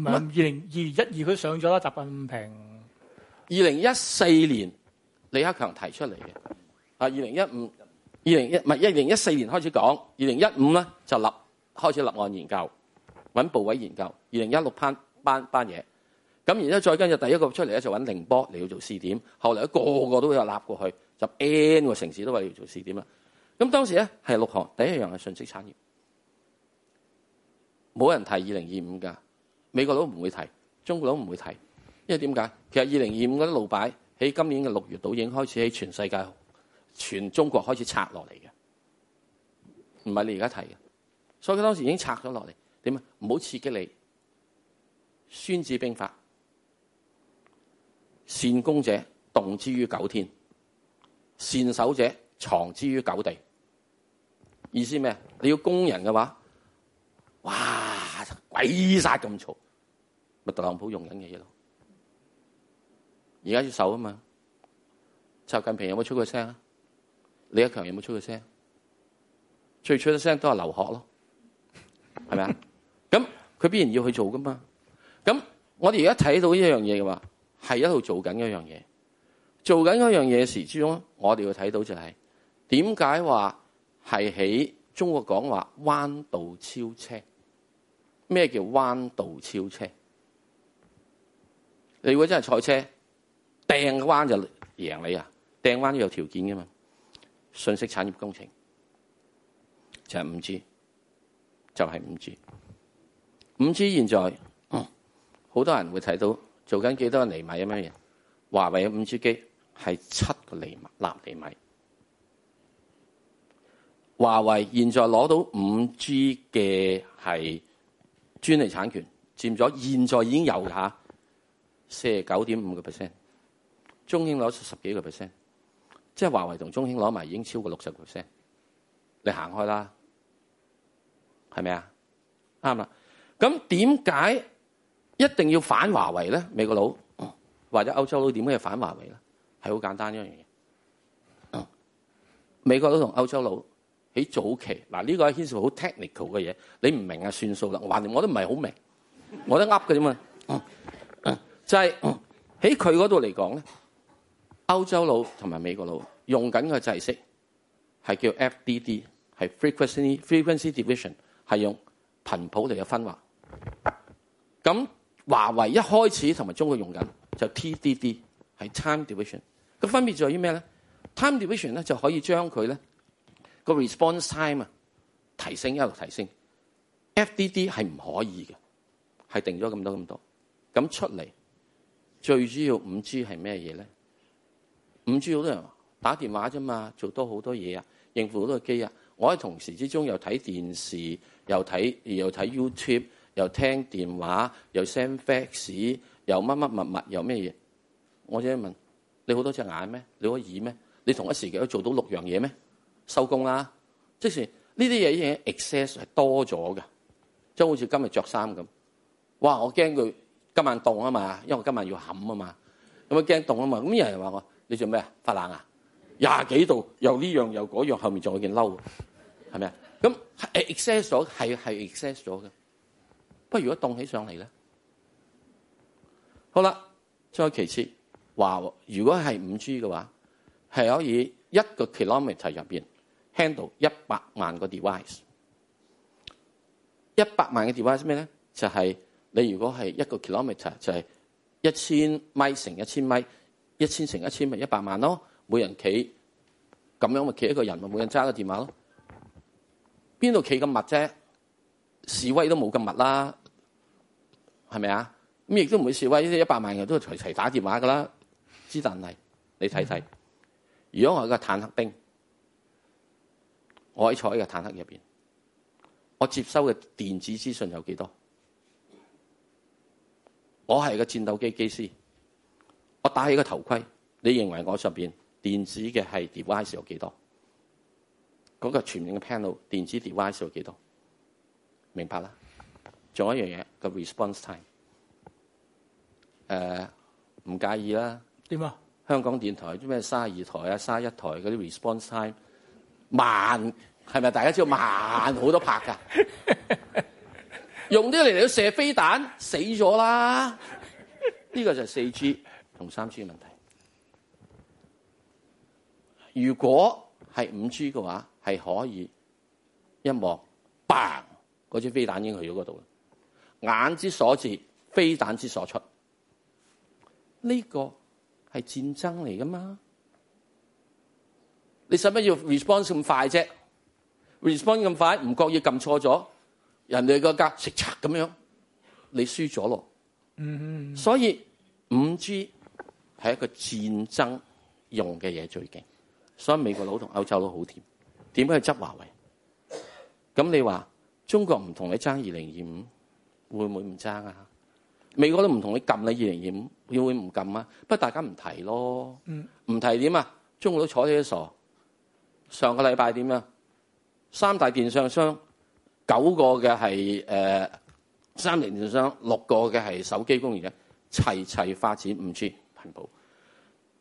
唔二零二一二佢上咗啦，習近平。二零一四年李克強提出嚟嘅，啊二零一五、二零一唔係一零一四年開始講，二零一五咧就立開始立案研究，揾部委研究。二零一六攀班班嘢，咁然之後再跟住第一個出嚟咧就揾寧波嚟要做試點，後嚟一個,個個都有立過去，就 N 個城市都話要做試點啦。咁當時咧係六行，第一樣係信息產業，冇人提二零二五㗎。美國佬唔會睇，中國佬唔會睇，因為點解？其實二零二五嗰啲路牌喺今年嘅六月，度已經開始喺全世界、全中國開始拆落嚟嘅，唔係你而家睇嘅。所以佢當時已經拆咗落嚟。點啊？唔好刺激你。《孫子兵法》：善攻者，動之於九天；善守者，藏之於九地。意思咩？你要攻人嘅話。抵殺咁嘈，咪特朗普用緊嘅嘢咯。而家要手啊嘛，習近平有冇出過聲啊？李克強有冇出過聲？最出嘅聲都係劉鶴咯，係咪啊？咁佢 必然要去做噶嘛。咁我哋而家睇到呢一樣嘢嘅話，係一路做緊一樣嘢。做緊一樣嘢時，之中我哋要睇到就係點解話係喺中國講話彎道超車。咩叫彎道超車？你如果真係賽車，掟個彎就贏你啊！掟彎有條件嘅嘛。信息產業工程就係、是、五 G，就係五 G。五 G 現在，好、哦、多人會睇到做緊幾多厘米咁樣嘢。華為嘅五 G 機係七個厘米，納厘米。華為現在攞到五 G 嘅係。專利產權佔咗現在已經有嚇四十九點五個 percent，中興攞出十幾個 percent，即係華為同中興攞埋已經超過六十個 percent，你行開啦，係咪啊？啱啦。咁點解一定要反華為咧？美國佬或者歐洲佬點解要反華為咧？係好簡單一樣嘢。美國佬同歐洲佬。喺早期嗱，呢個係牽涉好 technical 嘅嘢，你唔明啊，算數啦。橫掂我都唔係好明白，我都噏嘅啫嘛。就係喺佢嗰度嚟講咧，歐洲佬同埋美國佬用緊嘅制式係叫 FDD，係 frequency frequency division，係用頻譜嚟嘅分劃。咁華為一開始同埋中國用緊就 TDD，係 time division。咁分別在於咩咧？time division 咧就可以將佢咧。個 response time 啊，提升一路提升，FDD 係唔可以嘅，係定咗咁多咁多咁出嚟。最主要五 G 係咩嘢咧？五 G 好多人話打電話啫嘛，做多好多嘢啊，應付好多機啊。我喺同時之中又睇電視，又睇又睇 YouTube，又聽電話，又 send fax，又乜乜物物，又咩嘢？我即係問你好多隻眼咩？你好多耳咩？你同一時間可以做到六樣嘢咩？收工啦！即係呢啲嘢已經 excess 係多咗嘅，即好似今日着衫咁。哇！我驚佢今晚凍啊嘛，因為我今晚要冚啊嘛，咁啊驚凍啊嘛。咁人哋話我你做咩啊？發冷啊？廿幾度又呢樣又嗰樣，後面仲有件褸，係咪啊？咁 excess 咗係係 excess 咗嘅。不過如果凍起上嚟咧，好啦。再其次話，如果係五 G 嘅話，係可以一個 kilometer 入面。handle 一百萬個 device，一百萬嘅 device 咩呢？就係你如果係一個 kilometer，就係一千米乘一千米，一千乘一千米，一百萬咯。每人企咁樣咪企一個人，咪每人揸個電話咯。邊度企咁密啫？示威都冇咁密啦，係咪啊？咁亦都唔會示威，呢啲一百萬人都齊齊打電話㗎啦。之但係你睇睇，如果我係個坦克兵。我喺坐喺個坦克入邊，我接收嘅電子資訊有幾多？我係個戰鬥機機師，我戴起個頭盔，你認為我上邊電子嘅係 device 有幾多？嗰個全面嘅 panel 電子 device 有幾多？明白啦。仲有一樣嘢，個 response time。誒、呃，唔介意啦。點啊樣？香港電台啲咩沙二台啊、沙一台嗰啲 response time。慢係咪？係咪大家知道慢好多拍噶， 用呢個嚟嚟到射飛彈，死咗啦！呢、呢個就係四 G 同三 G 嘅問題。如果係五 G 嘅話，係可以一望，嘭，嗰支飛彈已經去咗嗰度啦。眼之所至，飛彈之所出，呢、呢個係戰爭嚟噶嘛？你使乜要 response 咁快啫？response 咁快，唔覺意撳錯咗，人哋個格食賊咁樣，你輸咗咯。嗯，所以五 G 係一個戰爭用嘅嘢最勁，所以美國佬同歐洲佬好掂，點解去執華為？咁你話中國唔同你爭二零二五，會唔會唔爭啊？美國都唔同你撳你二零二五會唔會唔撳啊？不過大家唔提咯。唔提點啊？中國佬坐起一傻。上個禮拜點啊，三大電商商九個嘅係誒三菱電商，六個嘅係手機工業嘅齊齊發展 5G 頻譜，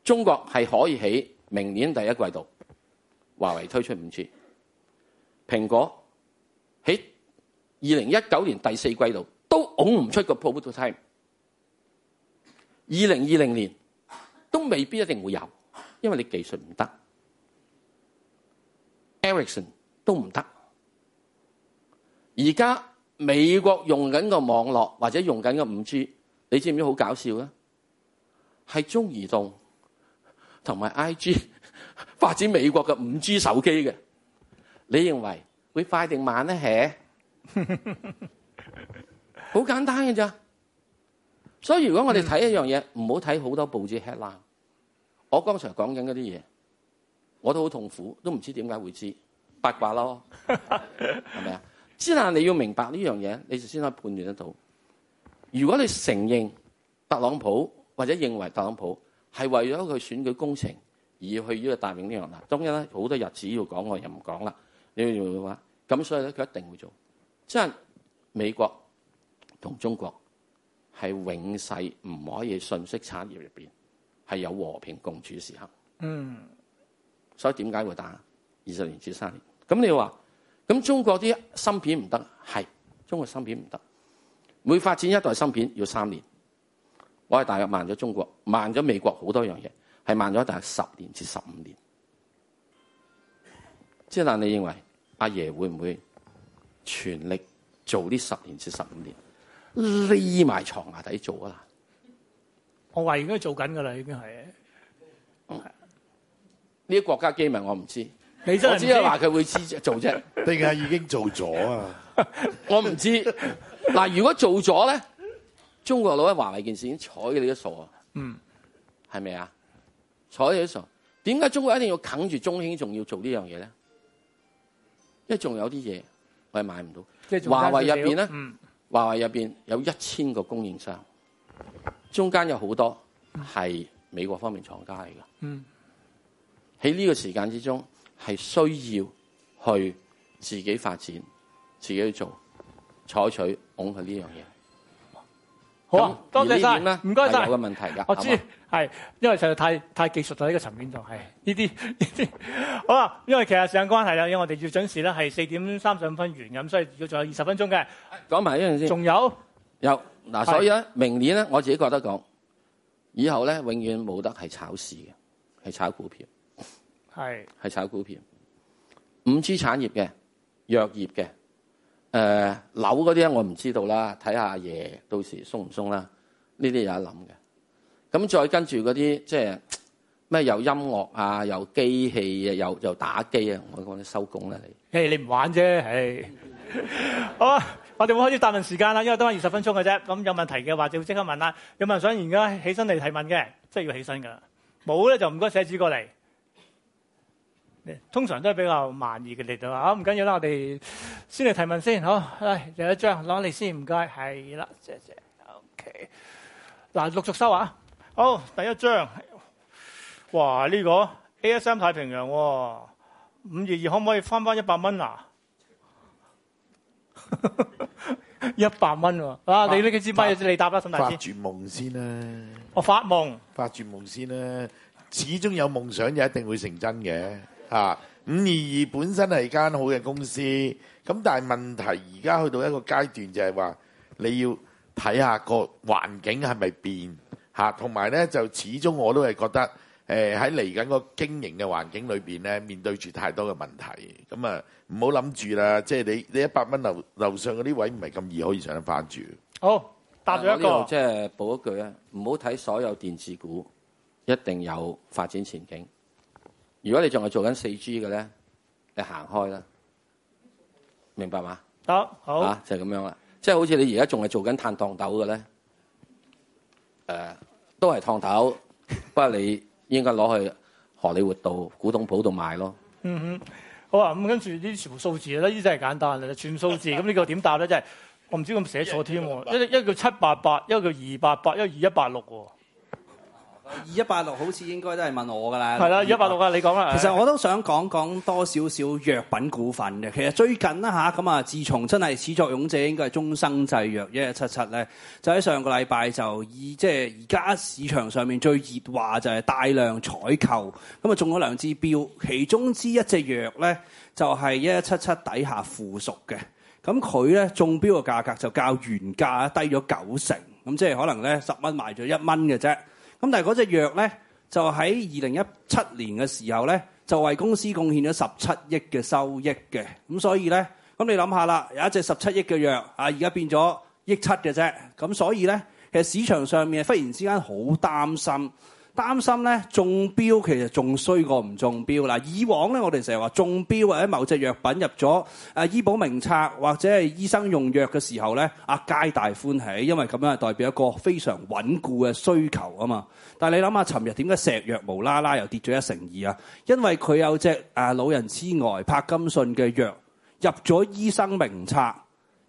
中國係可以喺明年第一季度，華為推出 5G，蘋果喺二零一九年第四季度都拱唔出個 product time。二零二零年都未必一定會有，因為你技術唔得。Ericsson 都唔得，而家美國用緊個網絡或者用緊個五 G，你知唔知好搞笑咧？係中移動同埋 I G 發展美國嘅五 G 手機嘅，你認為會快定慢咧？嘿，好簡單嘅咋，所以如果我哋睇一樣嘢，唔好睇好多報紙 headline，我剛才講緊嗰啲嘢。我都好痛苦，都唔知點解會知八卦咯，係咪啊？之但 你要明白呢樣嘢，你就先可以判斷得到。如果你承認特朗普或者認為特朗普係為咗佢選舉工程而去呢個大鳴釣鴨，當然啦，好多日子要講，我又唔講啦。你會唔會話咁？所以咧，佢一定會做。即係美國同中國係永世唔可以信息產業入邊係有和平共處嘅時刻。嗯。所以點解會打二十年至三年？咁你話，咁中國啲芯片唔得，係中國芯片唔得。每發展一代芯片要三年，我係大約慢咗中國，慢咗美國好多樣嘢，係慢咗大約十年至十五年。即係但你認為阿爺會唔會全力做呢十年至十五年？匿埋床下底做啊啦？我話而家做緊噶啦，已經係。嗯呢啲國家機密我唔知，我只係話佢會知做啫。定係 已經做咗啊？ 我唔知。嗱，如果做咗咧，中國佬喺華為件事已經採嘅，係咪你都傻？嗯，係咪啊？採嘅都傻。點解中國一定要啃住中興，仲要做呢件事呢樣嘢咧？因為仲有啲嘢我係買唔到。即係華為入邊咧，嗯、華為入邊有一千個供應商，中間有好多係美國方面廠家嚟噶。嗯。喺呢個時間之中，係需要去自己發展，自己去做，採取㧬佢呢樣嘢。好啊，多謝曬，唔該曬。有個問題㗎。我知係因為實在太太技術喺呢個層面度係呢啲呢啲。好啦，因為其實時間關係啦，因為我哋要準時咧，係四點三十五分完咁，所以要仲有二十分鐘嘅，講埋呢樣先。仲有有嗱，所以咧，是明年咧，我自己覺得講以後咧，永遠冇得係炒市嘅，係炒股票。係，係炒股票、五 G 產業嘅、藥業嘅、誒樓嗰啲咧，那些我唔知道啦。睇下阿爺到時鬆唔鬆啦。呢啲有得諗嘅。咁再跟住嗰啲即係咩有音樂啊，有機器啊，又又打機啊。我講你收工啦，你。嘿你唔玩啫，誒、哎。好啊，我哋會開始答問時間啦，因為得翻二十分鐘嘅啫。咁有問題嘅話就即刻問啦。有冇人想而家起身嚟提問嘅？即係要起身噶。冇咧就唔該寫紙過嚟。通常都係比較慢意嘅嚟到啊，唔緊要啦，我哋先嚟提問先好。嚟第一張攞你先，唔該，係啦，謝謝。OK，嗱，陸續收啊。好，第一張，哇，呢、呢個 ASM 太平洋喎，五月二可唔可以翻翻一百蚊啊？一百蚊喎，啊發，你呢個支麻你答啦，沈大師。發住夢先啦。我、哦、發夢。發住夢先啦，始終有夢想就一定會成真嘅。嚇，五二二本身係間好嘅公司，咁但係問題而家去到一個階段就是，就係話你要睇下個環境係咪變嚇？同埋咧就始終我都係覺得誒喺嚟緊個經營嘅環境裏邊咧，面對住太多嘅問題，咁啊唔好諗住啦，即係你你一百蚊樓樓上嗰啲位唔係咁易可以上得翻住的。好、哦、答咗一個，即係補一句啊，唔好睇所有電子股一定有發展前景。如果你仲係做緊四 G 嘅咧，你行開啦，明白嘛？得，好嚇、啊、就係、是、咁樣啦。即係好似你而家仲係做緊炭燙斗嘅咧，誒、呃、都係燙斗， 不過你應該攞去荷里活道古董鋪度賣咯。嗯哼、嗯，好啊。咁跟住呢啲全部數字咧，嗯、呢，啲真係簡單啦，全數字。咁呢個點答咧？真係我唔知咁寫錯添。一一叫七八八，一叫二八八，一叫二一八六喎。二一八六好似應該都係問我噶啦，係啦的，二一八六啊月，16, 你講啦。其實我都想講講多少少藥品股份嘅。的其實最近啊嚇咁啊，自從真係始作俑者應該係中生製藥一一七七咧，就喺上個禮拜就以即係而家市場上面最熱話就係大量採購，咁啊中咗兩支標，其中之一隻藥咧就係一一七七底下附屬嘅，咁佢咧中標嘅價格就較原價低咗九成，咁即係可能咧十蚊賣咗一蚊嘅啫。咁但係嗰隻藥呢，就喺二零一七年嘅時候呢，就為公司貢獻咗十七億嘅收益嘅。咁所以呢，咁你諗下啦，有一隻十七億嘅藥啊，而家變咗億七嘅啫。咁所以呢，其實市場上面忽然之間好擔心。擔心咧，中標其實仲衰過唔中標啦，以往咧，我哋成日話中標或者某隻藥品入咗誒醫保名冊或者係醫生用藥嘅時候咧，啊皆大歡喜，因為咁樣係代表一個非常穩固嘅需求啊嘛。但你諗下，尋日點解石藥無啦啦又跌咗一成二啊？因為佢有隻、啊、老人痴呆柏金遜嘅藥入咗醫生名冊，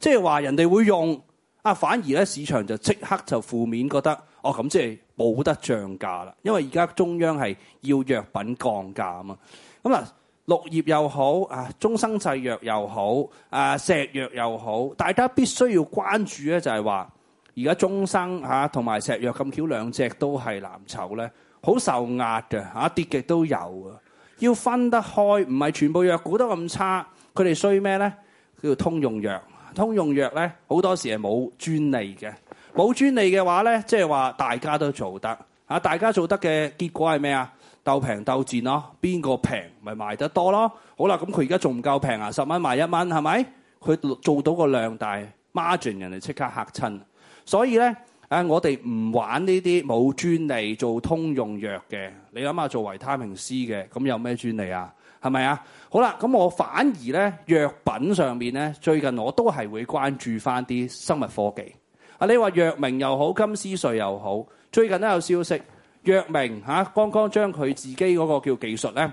即係話人哋會用啊，反而咧市場就即刻就負面覺得。哦，咁即係冇得漲價啦，因為而家中央係要藥品降價嘛。咁啊，綠葉又好啊，中生製藥又好啊，石藥又好，大家必須要關注咧，就係話而家中生同埋、啊、石藥咁巧兩隻都係藍籌咧，好受壓嘅嚇、啊、跌極都有啊。要分得開，唔係全部藥估得咁差。佢哋衰咩咧？叫做通用藥，通用藥咧好多時係冇專利嘅。冇專利嘅話呢，即係話大家都做得啊！大家做得嘅結果係咩啊？鬥平鬥賤咯，邊個平咪賣得多咯？好啦，咁佢而家仲唔夠平啊？十蚊賣一蚊係咪？佢做到個量大 margin，人哋即刻嚇親。所以呢，誒我哋唔玩呢啲冇專利做通用藥嘅。你諗下做維他命 C 嘅咁有咩專利啊？係咪啊？好啦，咁我反而呢，藥品上面呢，最近我都係會關注翻啲生物科技。啊！你話藥明又好，金斯瑞又好，最近都有消息，藥明嚇剛剛將佢自己嗰個叫技術咧，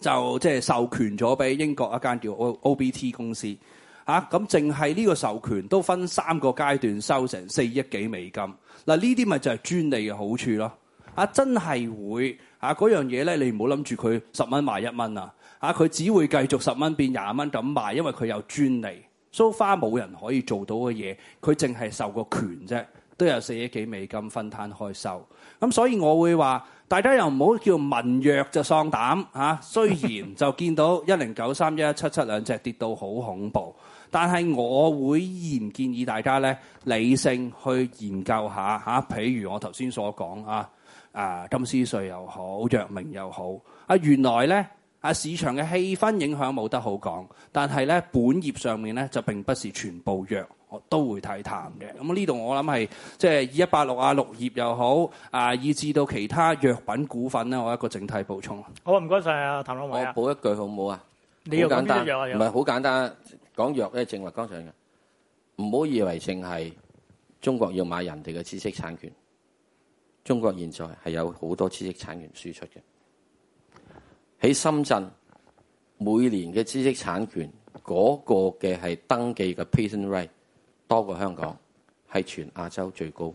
就即係授權咗俾英國一間叫 O B T 公司嚇，咁淨係呢個授權都分三個階段收成四億幾美金。嗱，呢啲咪就係專利嘅好處咯。啊，真係會啊嗰樣嘢咧，你唔好諗住佢十蚊賣一蚊啊！嚇，佢只會繼續十蚊變廿蚊咁賣，因為佢有專利。So far，冇人可以做到嘅嘢，佢淨係授個權啫，都有四億幾美金分攤開售。咁所以我會話，大家又唔好叫聞藥就喪膽嚇、啊。雖然就見到一零九三一一七七兩隻跌到好恐怖，但係我會仍建議大家咧理性去研究一下嚇、啊。譬如我頭先所講啊，啊金斯瑞又好，藥明又好，啊原來咧。啊，市場嘅氣氛影響冇得好講，但係咧，本業上面咧就並不是全部藥，我都會睇淡嘅。咁呢度我諗係即係以一百六啊六業又好，啊以至到其他藥品股份咧，我一個整體補充。好謝謝啊，唔該晒啊，譚朗文。我補一句好唔好啊？好簡單，唔係好簡單，講藥咧正話剛上嘅，唔好以為淨係中國要買人哋嘅知識產權，中國現在係有好多知識產權輸出嘅。喺深圳每年嘅知識產權嗰、嗰個嘅係登記嘅 patent rate 多過香港，係全亞洲最高。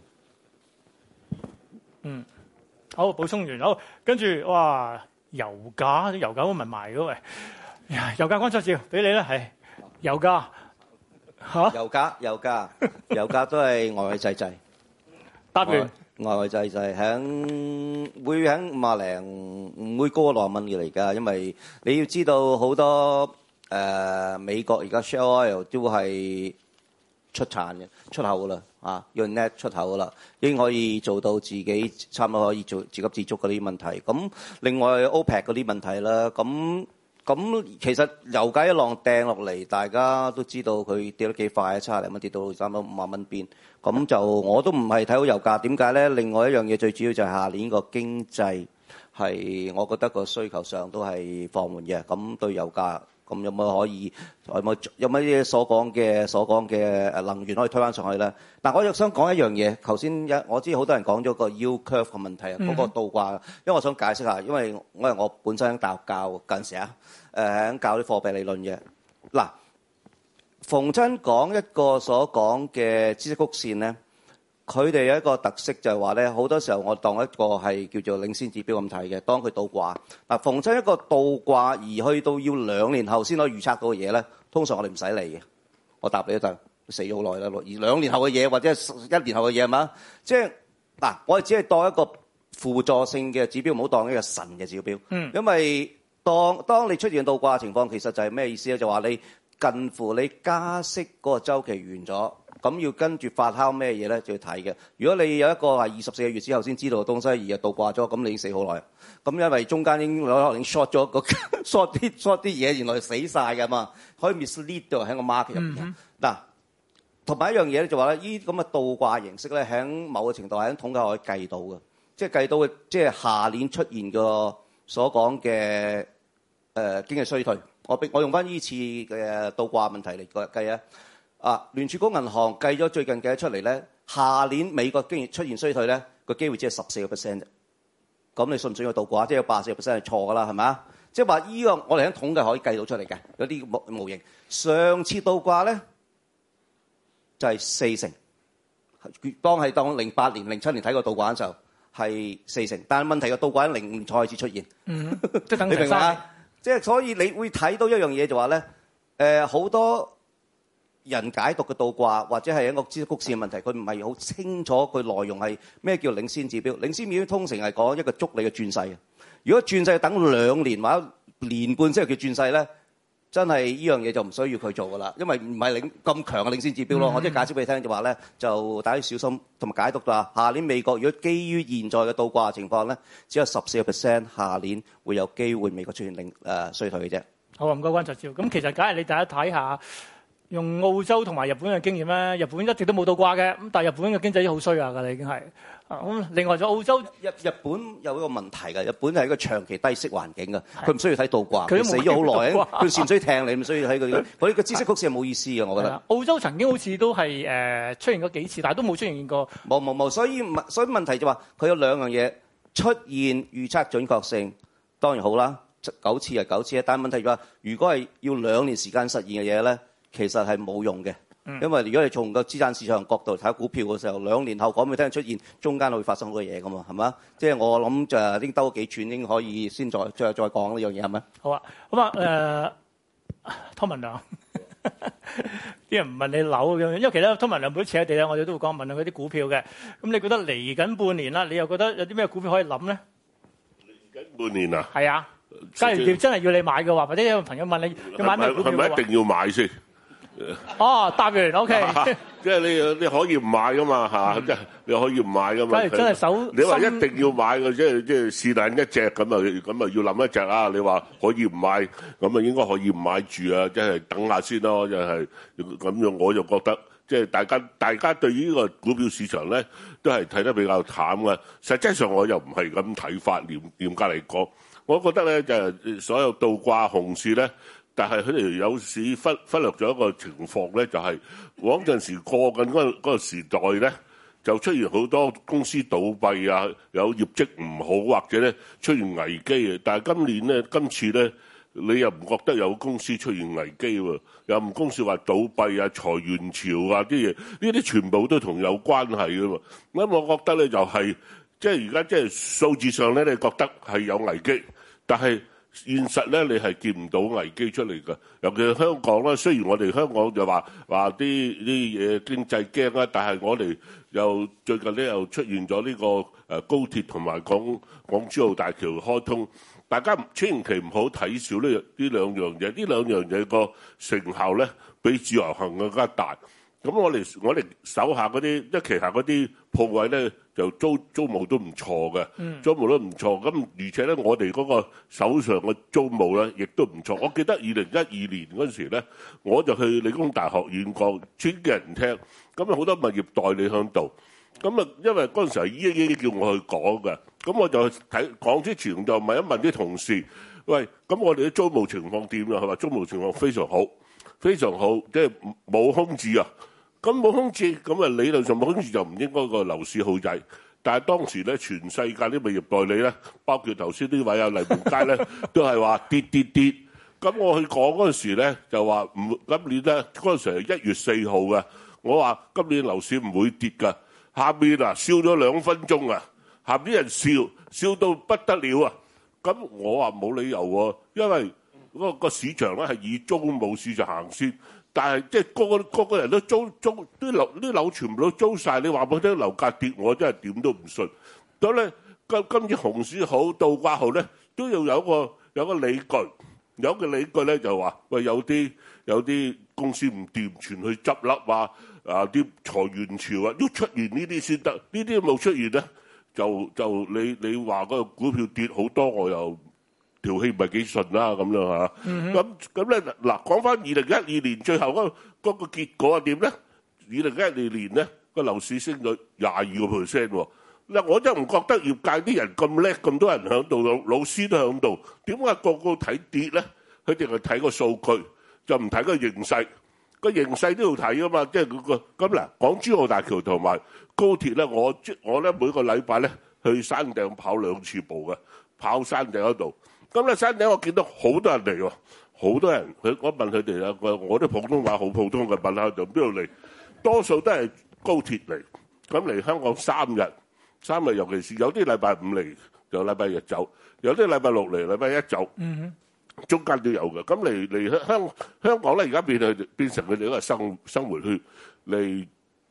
嗯，好，補充完，好，跟住哇，油價，油價，我咪賣咗咪？油價光速照，俾你啦，係油價嚇。油價油價油價都係外企制制。答完。另外匯制就係響，會響五啊零，唔會高過六啊蚊嚟㗎。因為你要知道好多誒、呃、美國而家 Shell Oil 都係出產嘅出口㗎啦，啊，用 net 出口㗎啦，已經可以做到自己差唔多可以做自給自足嗰啲問題。咁另外 OPEC 嗰啲問題啦，咁。咁其實油價一浪掟落嚟，大家都知道佢跌得幾快，七十蚊跌到差唔多五十蚊邊。咁就我都唔係睇好油價，點解咧？另外一樣嘢最主要就係下年個經濟係，我覺得個需求上都係放緩嘅。咁對油價。咁有冇可以，有冇有乜嘢所講嘅所講嘅能源可以推返上去咧？但我又想講一樣嘢，頭先我知好多人講咗個 yield curve 嘅問題啊，嗰、mm hmm. 個倒掛。因為我想解釋下，因為我我本身喺大學教近時啊，誒、呃、喺教啲貨幣理論嘅。嗱，逢親講一個所講嘅知識曲線咧。佢哋有一個特色就係話咧，好多時候我當一個係叫做領先指標咁睇嘅，當佢倒掛嗱，逢親一個倒掛而去到要兩年後先可以預測到嘅嘢咧，通常我哋唔使理嘅。我答你都得，死咗好耐啦，而兩年後嘅嘢或者係一年後嘅嘢係嘛？即係嗱，我哋只係當一個輔助性嘅指標，唔好當一個神嘅指標。嗯，因為當當你出現倒掛情況，其實就係咩意思咧？就話、是、你近乎你加息嗰個週期完咗。咁要跟住發酵咩嘢咧，就要睇嘅。如果你有一個係二十四個月之後先知道嘅東西而又倒掛咗，咁你已經死好耐。咁因為中間已經攞嚟 short 咗個 short 啲 short 啲嘢，原來死晒噶嘛，可以 mislead 到喺個 market 入邊。嗱，同埋一樣嘢咧，就話呢咁嘅倒掛形式咧，喺某個程度係統計可以計到嘅，即係計到嘅，即係下年出現個所講嘅誒經濟衰退。我俾我用翻呢次嘅倒掛問題嚟計啊！啊，聯儲局銀行計咗最近幾日出嚟咧，下年美國經濟出現衰退咧，個機會只係十四個 percent 啫。咁你信唔信有倒掛？即係有八四個 percent 係錯㗎啦，係咪？即係話依個我哋喺統計可以計到出嚟嘅，有啲模模型。上次倒掛咧就係、是、四成，當係當零八年、零七年睇過倒掛嘅時候係四成。但係問題個倒掛喺零五開始出現。嗯，即係等你明白。即係、 就是、所以你會睇到一樣嘢就話咧，誒、呃、好多。人解讀嘅倒掛，或者係一個知識曲線嘅問題，佢唔係好清楚佢內容係咩叫領先指標。領先指標通常係講一個祝你嘅轉勢。如果轉勢等兩年或者年半先叫轉勢咧，真係呢樣嘢就唔需要佢做噶啦，因為唔係領咁強嘅領先指標咯。嗯、我即係解釋俾你聽就話咧，就大家小心同埋解讀啦。下年美國如果基於現在嘅倒掛情況咧，只有十四個 percent，下年會有機會美國出現領誒、呃、衰退嘅啫。好，唔該關卓照。咁其實梗係你大家睇下。用澳洲同埋日本嘅經驗咧，日本一直都冇倒掛嘅咁，但係日本嘅經濟已經好衰啊！噶啦已經係咁。另外就澳洲日日本有一個問題嘅，日本係一個長期低息環境嘅，佢唔是的 需要睇倒掛，佢都死咗好耐，佢唔需要聽，你唔需要睇，所以喺佢佢呢個知識曲線係冇意思嘅。我覺得澳洲曾經好似都係誒、呃、出現過幾次，但係都冇出現過。冇冇冇，所以問所以問題就話、是、佢有兩樣嘢出現，預測準確性當然好啦，九次係九次，但係問題就話、是、如果係要兩年時間實現嘅嘢咧。其實係冇用嘅，因為如果你從個資產市場角度睇股票嘅時候，兩年後講俾你聽出現中間會發生好多嘢噶嘛，係嘛？即、就、係、是、我諗就係已經兜咗幾轉，應該可以先再再再講呢樣嘢係咪？好啊，咁啊，誒、呃，湯文亮，啲 人唔問你樓，因為其實湯文亮本身扯地啦，我哋都會講問佢啲股票嘅。咁你覺得嚟緊半年啦，你又覺得有啲咩股票可以諗咧？嚟緊半年啊？係啊遲，假如真係要你買嘅話，遲或者有朋友問你是是要買咩股票嘅話，係咪一定要買先？哦，答完 OK。即 係、啊就是、你你可以唔買噶嘛，即係你可以唔買噶嘛。真係真係手。你話一定要買嘅，即係即係試膽一隻咁啊，咁啊要諗一隻啦。你話可以唔買，咁啊應該可以唔買住啊，即係等下先咯。就係、是、咁、就是、樣，我就覺得即係、就是、大家大家對於呢個股票市場咧都係睇得比較淡嘅。實際上我又唔係咁睇法，嚴嚴格嚟講，我覺得咧就是、所有倒掛紅樹咧。但係佢哋有時忽忽略咗一個情況咧，就係往陣時過緊嗰個嗰個時代咧，就出現好多公司倒閉啊，有業績唔好或者咧出現危機。但係今年咧，今次咧，你又唔覺得有公司出現危機喎？又唔公司話倒閉啊、裁員潮啊啲嘢，呢啲全部都同有關係噶嘛？咁我覺得咧就係、是，即係而家即係數字上咧，你覺得係有危機，但係。現實咧，你係見唔到危機出嚟嘅。尤其係香港啦，雖然我哋香港就話話啲啲嘢經濟驚啦，但係我哋又最近咧又出現咗呢個高鐵同埋港港珠澳大橋開通，大家千祈唔好睇少呢呢兩樣嘢。呢兩樣嘢個成效咧，比自由行更加大。咁我哋我哋手下嗰啲一旗下嗰啲鋪位咧。就租租務都唔錯嘅，嗯，租務都唔錯。咁而且咧，我哋嗰個手上嘅租務咧，亦都唔錯。我記得二零一二年嗰陣時咧，我就去理工大學演講，轉人聽。咁啊，好多物業代理響度。咁啊，因為嗰陣時係依依叫我去講嘅，咁我就睇講之前就問一問啲同事，喂，咁我哋嘅租務情況點啊？佢話租務情況非常好，非常好，即係冇空置啊。咁冇空置，咁啊，理論上冇空置就唔應該個樓市好滯。但係當時咧，全世界啲物業代理咧，包括頭先呢位啊，黎明佳咧，都係話跌跌跌。咁我去講嗰陣時咧，就話唔今年咧，嗰陣時係一月四號嘅，我話今年樓市唔會跌㗎。下面啊笑咗兩分鐘啊，下面啲人笑笑到不得了啊。咁我話冇理由喎，因為嗰個市場咧係以租冇市就行先。但係即係個個個人都租租啲樓啲樓全部都租晒。你話我啲樓價跌，我真係點都唔信。所以咧，今今次熊市好倒掛好咧，都要有個有個理據，有個理據咧就話喂，有啲有啲公司唔掂全去執笠啊，啊啲裁員潮啊，要出現呢啲先得，呢啲冇出現咧，就就你你話嗰個股票跌好多，我又。條氣唔係幾順啦，咁樣吓，咁咁咧嗱，講翻二零一二年最後嗰，嗰個結果係點咧？二零一二年咧個樓市升咗廿二個 percent，嗱，我真唔覺得業界啲人咁叻，咁多人喺度，老老師都喺度，點解個個睇跌咧？佢淨係睇個數據，就唔睇個形勢，個形勢都要睇噶嘛，即係嗰個咁嗱，港珠澳大橋同埋高鐵咧，我即我咧每個禮拜咧去山頂跑兩次步嘅，跑山頂嗰度。咁喺山頂我見到好多人嚟喎，好多人佢我問佢哋啦，我我啲普通話好普通嘅問下，就邊度嚟？多數都係高鐵嚟，咁嚟香港三日，三日尤其是有啲禮拜五嚟，就禮拜日走；有啲禮拜六嚟，禮拜一走。嗯哼，中間都有嘅。咁嚟嚟香香港咧，而家變係變成佢哋一個生生活圈嚟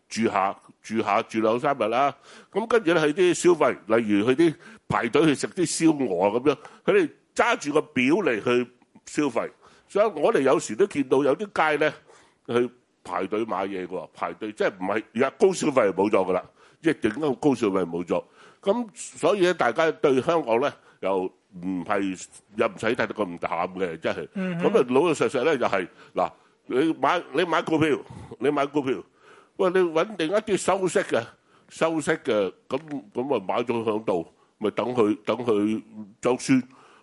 住下住下住兩三日啦。咁跟住咧去啲消費，例如去啲排隊去食啲燒鵝咁樣，佢哋。揸住個表嚟去消費，所以我哋有時都見到有啲街咧去排隊買嘢喎，排隊即係唔係而家高消費就冇咗噶啦，即係點都高消費冇咗。咁所以咧，大家對香港咧又唔係又唔使睇得咁淡嘅，即係。咁啊老老實實咧就係嗱，你買你買股票，你買股票揾你另一啲收息嘅收息嘅，咁咁咪買咗喺度，咪等佢等佢周轉。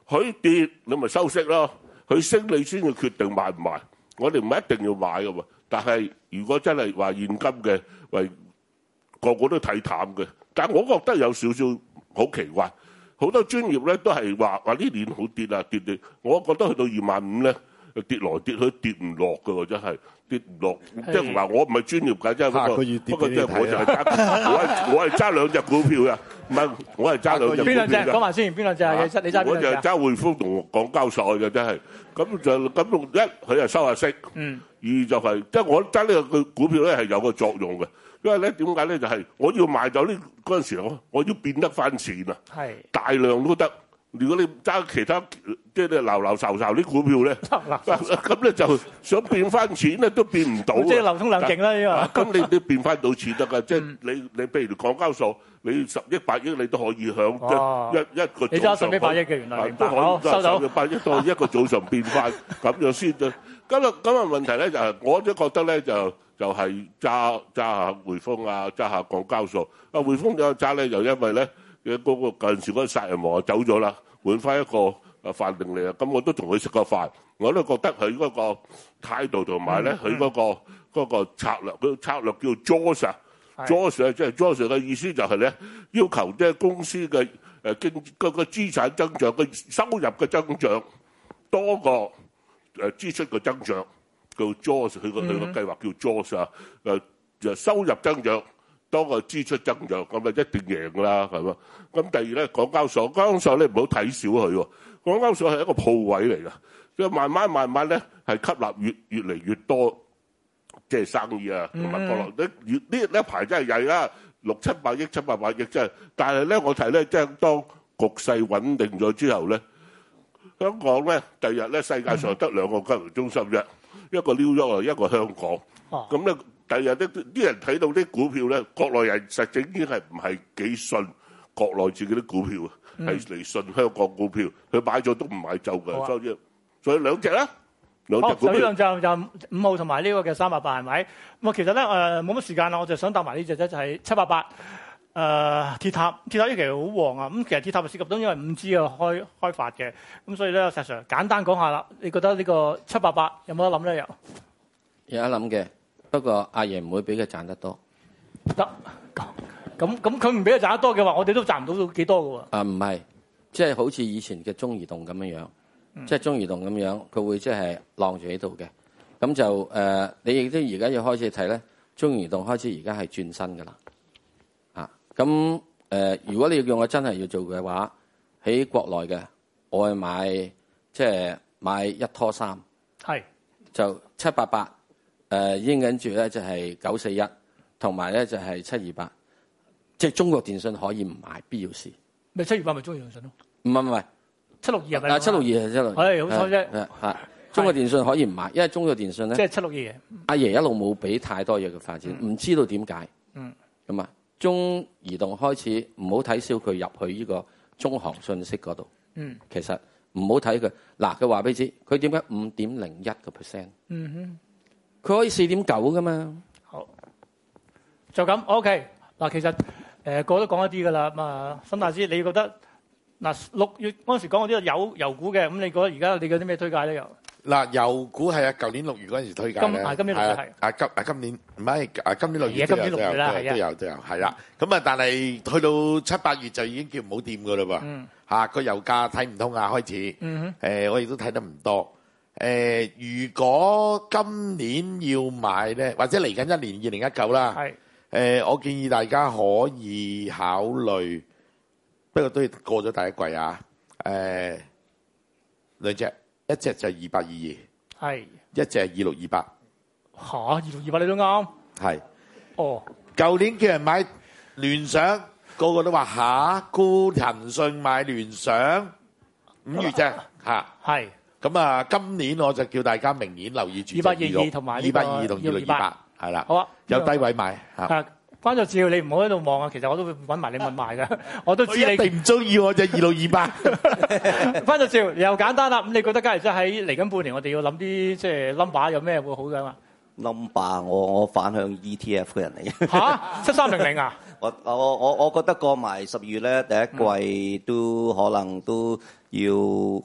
佢跌你咪收息咯，佢升你先要決定買唔買。我哋唔係一定要買㗎喎，但係如果真係話現金嘅，個個都睇淡嘅。但我覺得有少少好奇怪，好多專業咧都係話話呢年好跌啊跌跌。我覺得去到二萬五咧，跌來跌去跌唔落㗎喎，真係。跌唔落，即係唔係我唔係專業㗎，即係不過不過即係我就係揸我係我係揸兩隻股票㗎，唔係我係揸兩隻，邊兩隻講埋先，邊兩隻你揸？我就係揸匯豐同港交所嘅，真係咁就咁。一佢就收下息，二就係即係我揸呢個個股票咧係有個作用嘅，因為咧點解咧就係我要賣走呢嗰陣時，我我要變得翻錢啊，大量都得。如果你揸其他即係啲流流炒炒啲股票咧，咁咧就想變翻錢咧都變唔到啊！即係流通量勁啦，呢個咁你你變翻到錢得㗎，即係你你譬如港交所，你十億八億你都可以響一一個早上，你揸十幾百億嘅原來，十億八億都一個早上變翻咁樣先啫。咁啊咁啊問題咧就係，我即係覺得咧就就係揸揸下匯豐啊，揸下港交所啊，匯豐有揸咧，又因為咧。嘅嗰個嗰陣時嗰個殺人王啊走咗啦，換翻一個啊範定嚟啊，咁我都同佢食個飯，我都覺得佢嗰個態度同埋咧，佢嗰個嗰策略，個策略叫 Jaws，Jaws 即係 Jaws 嘅意思就係咧，要求即係公司嘅誒經個個資產增長嘅收入嘅增長多個誒支出嘅增長叫 Jaws，佢個佢個計劃叫 Jaws 誒就收入增長。當個支出增長咁咪一定贏㗎啦，係嘛？咁第二咧，港交所，港交所你唔好睇少佢喎。港交所係一個鋪位嚟噶，即係慢慢慢慢咧係吸納越越嚟越多即係生意啊，同埋過嚟。你呢呢一排真係曳啦，六七百億、七百萬億真係。但係咧，我睇咧，即係當局勢穩定咗之後咧，香港咧第二日咧世界上得兩個金融中心啫，一個紐約，一個香港。哦，咁咧。第日咧，啲人睇到啲股票咧，國內人實整啲係唔係幾信國內自己啲股票啊？係嚟、嗯、信香港股票，佢買咗都唔買走噶。啊、所以，所以兩隻呢？兩隻股票。股有兩隻就五號同埋呢個嘅三百八係咪？其實咧誒冇乜時間啦，我想答就想搭埋呢隻咧就係七百八誒鐵塔。鐵塔呢期好旺啊！咁其實鐵塔涉及到因為五 G 啊開開發嘅，咁所以咧，Sir 簡單講下啦。你覺得呢個七百八有冇得諗咧？又，有得諗嘅。不過阿爺唔會俾佢賺得多，得咁咁佢唔俾佢賺得多嘅話，我哋都賺唔到幾多嘅喎、啊。啊唔係，即係、就是、好似以前嘅中移動咁樣樣，即係、嗯、中移動咁樣，佢會即係晾住喺度嘅。咁就誒、呃，你亦都而家要開始睇咧，中移動開始而家係轉身嘅啦。啊，咁誒、呃，如果你要叫我真係要做嘅話，喺國內嘅，我去買即係、就是、買一拖三，係是就七八八。誒應緊住咧，就係九四一，同埋咧就係七二八，即係中國電信可以唔買，必要時咪七二八咪中國電信咯？唔係唔係七六二入嚟啊！七六二係七六二，係好彩啫。係的中國電信可以唔買，因為中國電信咧即係七六二。阿爺一路冇俾太多嘢嘅發展，唔、嗯、知道點解。嗯，咁啊，中移動開始唔好睇小佢入去呢個中行信息嗰度。嗯，其實唔好睇佢嗱，佢話俾你知，佢點解五點零一個 percent？嗯哼。佢可以四點九噶嘛？好，就咁 OK。嗱，其實誒個都講一啲噶啦。咁啊，森大師，你覺得嗱六月嗰陣時講嗰啲有油股嘅，咁你覺得而家你嗰啲咩推介咧又？嗱，油股係啊，舊年六月嗰陣時推介嘅，係係。啊，今啊今年唔係啊，今年六月都有都有都有係啦。咁啊，但係去到七八月就已經叫唔好掂噶啦喎。嗯。嚇，個油價睇唔通啊，開始。嗯哼。誒，我亦都睇得唔多。誒、呃，如果今年要買咧，或者嚟緊一年二零一九啦，係誒是、呃，我建議大家可以考慮，不過都要過咗第一季啊。誒、呃，兩隻，一隻就二百二二，係，2, 是一隻二六二八。吓，二六二八你都啱。係是。哦。舊年叫人買聯想，個個都話吓，沽騰訊買聯想，五月啫吓。係、啊。哈咁啊，今年我就叫大家明年留意住，二八二二同埋二八二二同二六二八，係啦，好啊，有低位買吓。關注照，你唔好喺度望啊，其實我都會揾埋你問賣噶，我都知你哋唔中意我就二六二八。關注照又簡單啦，咁你覺得假如真喺嚟緊半年，我哋要諗啲即係 number 有咩會好嘅嘛？number 我我反向 ETF 嘅人嚟嘅吓，七三零零啊？我我我我覺得過埋十月咧，第一季都可能都。要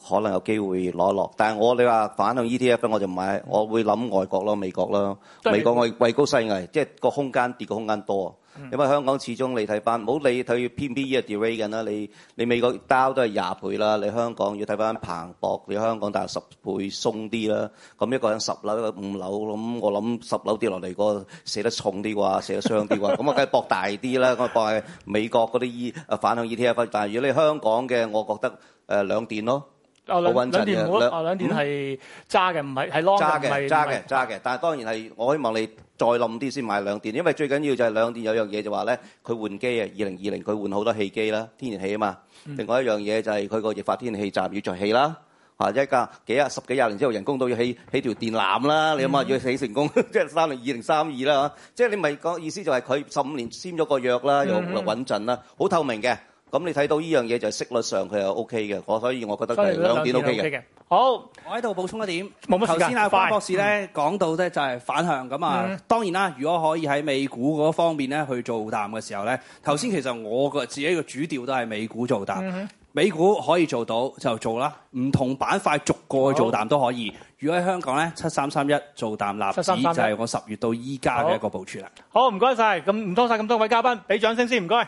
可能有機會攞落，但係我你話反向 ETF 我就唔係，我會諗外國咯，美國咯，對美國我會畏高畏危，即係個空間跌個空間多。嗯、因為香港始終你睇翻，唔好你睇 PPE 啊 delay 緊啦。你你美國 Dow 都係廿倍啦，你香港要睇翻彭博，你香港大概十倍鬆啲啦。咁一個人十樓、一個五樓，咁我諗十樓跌落嚟，個寫得重啲啩，寫得傷啲啩，咁我梗係搏大啲啦。咁啊，搏係美國嗰啲 E 啊反向 ETF，但係如果你香港嘅，我覺得。誒兩、呃、電咯，啊、兩，安兩電兩兩、啊、電唔好，係揸嘅，唔係係 long 嘅，唔揸嘅揸嘅，但係當然係，我希望你再諗啲先買兩電，因為最緊要就係兩電有樣嘢就話咧，佢換機啊，二零二零佢換好多氣機啦，天然氣啊嘛。嗯、另外一樣嘢就係佢個液化天然氣站要著氣啦，或者一架幾啊十幾廿年之後人工都要起起條電纜啦，嗯、你諗下要起成功 30、啊、即係三零二零三二啦，即係你咪講意思就係佢十五年簽咗個約啦，嗯嗯又穩陣啦，好透明嘅。咁你睇到呢樣嘢就係息率上佢係 O K 嘅，我所以我覺得佢係兩點 O K 嘅。好，我喺度補充一點。冇乜時間快。頭先啊，郭博士咧講 mm. 到咧就係反向咁啊，mm. 當然啦，如果可以喺美股嗰方面咧去做淡嘅時候咧，頭先其實我個自己嘅主調都係美股做淡，mm. 美股可以做到就做啦。唔同板塊逐個去做淡都可以。Mm. 如果喺香港咧，七三三一做淡立子就係我十月到依家嘅一個部署啦。好，唔該晒。咁唔多晒咁多位嘉賓，俾掌聲先，唔該。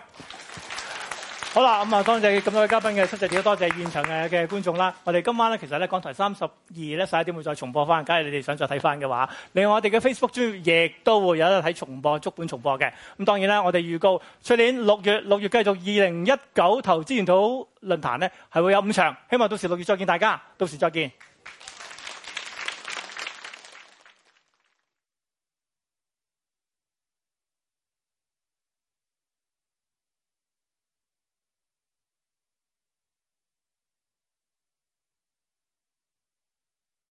好啦，咁啊，多謝咁多位嘉賓嘅出席，亦都多謝現場嘅觀眾啦。 我哋今晚呢，其實呢港台三十二呢十一點會再重播返。假如你哋想再睇返嘅話，另外我哋嘅 Facebook 專頁亦都會有得睇重播、足本重播嘅。咁當然啦，我哋預告，去年六月六月繼續二零一九投資研討論壇呢係會有五場，希望到時六月再見大家，到時再見。